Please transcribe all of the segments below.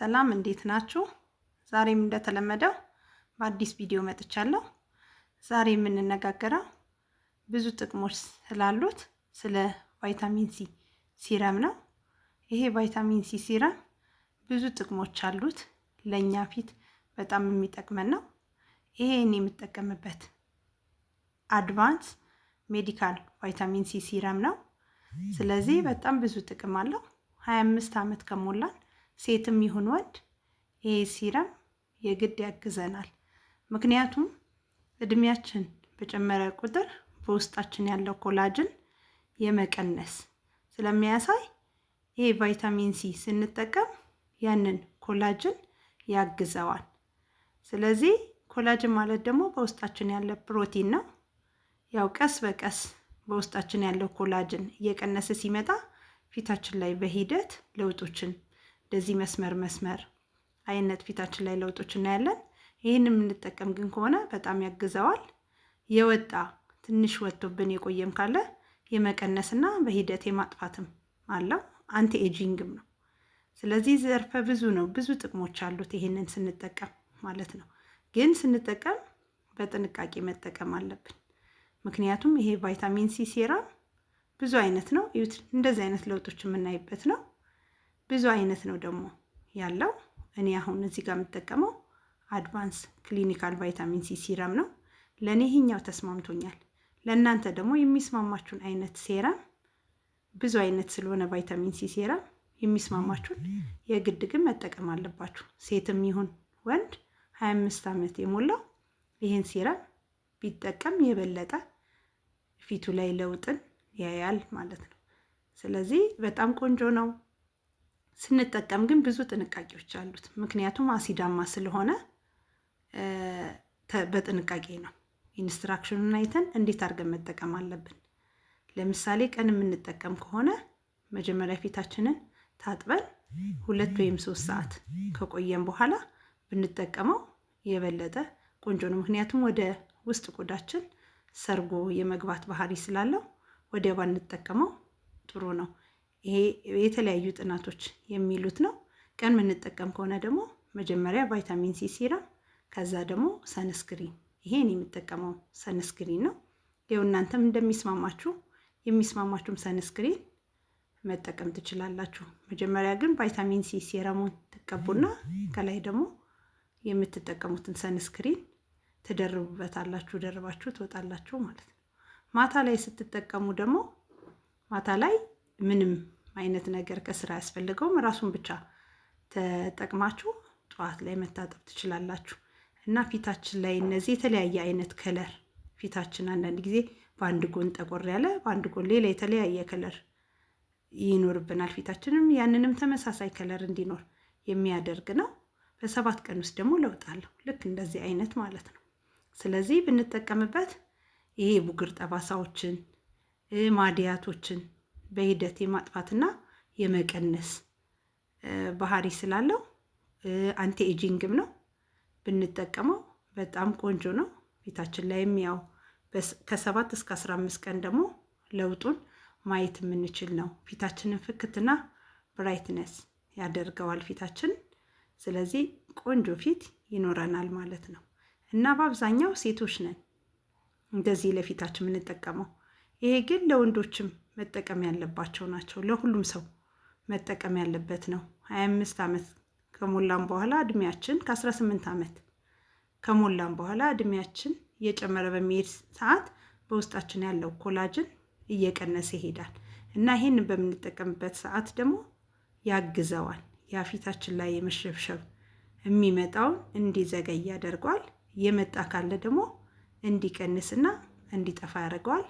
ሰላም እንዴት ናችሁ? ዛሬም እንደተለመደው በአዲስ ቪዲዮ መጥቻለሁ። ዛሬ የምንነጋገረው ብዙ ጥቅሞች ስላሉት ስለ ቫይታሚን ሲ ሲረም ነው። ይሄ ቫይታሚን ሲ ሲረም ብዙ ጥቅሞች አሉት። ለእኛ ፊት በጣም የሚጠቅመን ነው። ይሄን የምጠቀምበት አድቫንስ ሜዲካል ቫይታሚን ሲ ሲረም ነው። ስለዚህ በጣም ብዙ ጥቅም አለው። 25 ዓመት ከሞላን ሴትም ይሁን ወንድ ይሄ ሲረም የግድ ያግዘናል። ምክንያቱም እድሜያችን በጨመረ ቁጥር በውስጣችን ያለው ኮላጅን የመቀነስ ስለሚያሳይ ይሄ ቫይታሚን ሲ ስንጠቀም ያንን ኮላጅን ያግዘዋል። ስለዚህ ኮላጅን ማለት ደግሞ በውስጣችን ያለ ፕሮቲን ነው። ያው ቀስ በቀስ በውስጣችን ያለው ኮላጅን እየቀነሰ ሲመጣ ፊታችን ላይ በሂደት ለውጦችን እንደዚህ መስመር መስመር አይነት ፊታችን ላይ ለውጦች እናያለን። ይህን የምንጠቀም ግን ከሆነ በጣም ያግዘዋል። የወጣ ትንሽ ወጥቶብን የቆየም ካለ የመቀነስና በሂደት የማጥፋትም አለው። አንቲ ኤጂንግም ነው። ስለዚህ ዘርፈ ብዙ ነው፣ ብዙ ጥቅሞች አሉት። ይህንን ስንጠቀም ማለት ነው። ግን ስንጠቀም በጥንቃቄ መጠቀም አለብን። ምክንያቱም ይሄ ቫይታሚን ሲ ሴራም ብዙ አይነት ነው። እንደዚህ አይነት ለውጦች የምናይበት ነው። ብዙ አይነት ነው ደግሞ ያለው። እኔ አሁን እዚህ ጋር የምጠቀመው አድቫንስ ክሊኒካል ቫይታሚን ሲ ሲረም ነው። ለእኔ ይህኛው ተስማምቶኛል። ለእናንተ ደግሞ የሚስማማችሁን አይነት ሴራም ብዙ አይነት ስለሆነ ቫይታሚን ሲ ሴራም የሚስማማችሁን የግድ ግን መጠቀም አለባችሁ። ሴትም ይሁን ወንድ 2አምስት ዓመት የሞላው ይህን ሴራም ቢጠቀም የበለጠ ፊቱ ላይ ለውጥን ያያል ማለት ነው። ስለዚህ በጣም ቆንጆ ነው። ስንጠቀም ግን ብዙ ጥንቃቄዎች አሉት። ምክንያቱም አሲዳማ ስለሆነ በጥንቃቄ ነው። ኢንስትራክሽኑን አይተን እንዴት አድርገን መጠቀም አለብን። ለምሳሌ ቀን የምንጠቀም ከሆነ መጀመሪያ ፊታችንን ታጥበን ሁለት ወይም ሶስት ሰዓት ከቆየን በኋላ ብንጠቀመው የበለጠ ቆንጆ ነው። ምክንያቱም ወደ ውስጥ ቆዳችን ሰርጎ የመግባት ባህሪ ስላለው ወዲያ ባንጠቀመው ጥሩ ነው። ይሄ የተለያዩ ጥናቶች የሚሉት ነው። ቀን የምንጠቀም ከሆነ ደግሞ መጀመሪያ ቫይታሚን ሲ ሲራም፣ ከዛ ደግሞ ሰንስክሪን። ይሄን የምጠቀመው ሰንስክሪን ነው። ይኸው እናንተም እንደሚስማማችሁ የሚስማማችሁም ሰንስክሪን መጠቀም ትችላላችሁ። መጀመሪያ ግን ቫይታሚን ሲ ሴረሙን ትቀቡና ከላይ ደግሞ የምትጠቀሙትን ሰንስክሪን ትደርቡበታላችሁ። ደርባችሁ ትወጣላችሁ ማለት ነው። ማታ ላይ ስትጠቀሙ ደግሞ ማታ ላይ ምንም አይነት ነገር ከስራ አያስፈልገውም። ራሱን ብቻ ተጠቅማችሁ ጠዋት ላይ መታጠብ ትችላላችሁ እና ፊታችን ላይ እነዚህ የተለያየ አይነት ከለር ፊታችን አንዳንድ ጊዜ በአንድ ጎን ጠቆር ያለ በአንድ ጎን ሌላ የተለያየ ከለር ይኖርብናል። ፊታችንም ያንንም ተመሳሳይ ከለር እንዲኖር የሚያደርግ ነው። በሰባት ቀን ውስጥ ደግሞ ለውጣለሁ። ልክ እንደዚህ አይነት ማለት ነው። ስለዚህ ብንጠቀምበት ይሄ ቡግር ጠባሳዎችን ማድያቶችን በሂደት የማጥፋትና የመቀነስ ባህሪ ስላለው አንቲ ኤጂንግም ነው። ብንጠቀመው በጣም ቆንጆ ነው። ፊታችን ላይም ያው ከሰባት እስከ አስራ አምስት ቀን ደግሞ ለውጡን ማየት የምንችል ነው። ፊታችንን ፍክትና ብራይትነስ ያደርገዋል ፊታችን። ስለዚህ ቆንጆ ፊት ይኖረናል ማለት ነው እና በአብዛኛው ሴቶች ነን እንደዚህ ለፊታችን የምንጠቀመው። ይሄ ግን ለወንዶችም መጠቀም ያለባቸው ናቸው። ለሁሉም ሰው መጠቀም ያለበት ነው። 25 ዓመት ከሞላም በኋላ እድሜያችን ከ18 ዓመት ከሞላም በኋላ እድሜያችን እየጨመረ በሚሄድ ሰዓት በውስጣችን ያለው ኮላጅን እየቀነሰ ይሄዳል እና ይህንን በምንጠቀምበት ሰዓት ደግሞ ያግዘዋል። የፊታችን ላይ የመሸብሸብ የሚመጣውን እንዲዘገይ ያደርገዋል። የመጣ ካለ ደግሞ እንዲቀንስና እንዲጠፋ ያደርገዋል።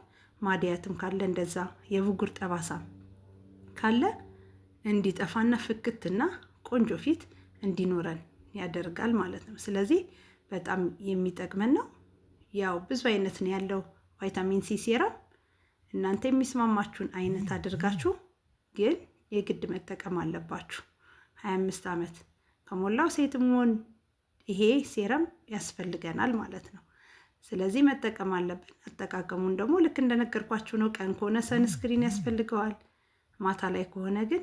ማዲያትም ካለ እንደዛ የብጉር ጠባሳ ካለ እንዲጠፋና ፍክትና ቆንጆ ፊት እንዲኖረን ያደርጋል ማለት ነው። ስለዚህ በጣም የሚጠቅመን ነው። ያው ብዙ አይነት ነው ያለው ቫይታሚን ሲ ሴራም። እናንተ የሚስማማችሁን አይነት አድርጋችሁ ግን የግድ መጠቀም አለባችሁ። 25 ዓመት ከሞላው ሴትም ሆን ይሄ ሴረም ያስፈልገናል ማለት ነው። ስለዚህ መጠቀም አለብን። አጠቃቀሙን ደግሞ ልክ እንደነገርኳችሁ ነው። ቀን ከሆነ ሰንስክሪን ያስፈልገዋል። ማታ ላይ ከሆነ ግን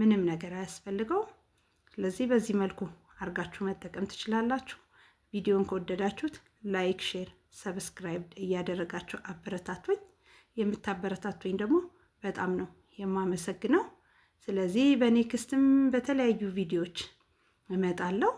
ምንም ነገር አያስፈልገውም። ስለዚህ በዚህ መልኩ አድርጋችሁ መጠቀም ትችላላችሁ። ቪዲዮን ከወደዳችሁት ላይክ፣ ሼር፣ ሰብስክራይብ እያደረጋችሁ አበረታቱኝ። የምታበረታቱኝ ደግሞ በጣም ነው የማመሰግነው። ስለዚህ በኔክስትም በተለያዩ ቪዲዮዎች እመጣለሁ።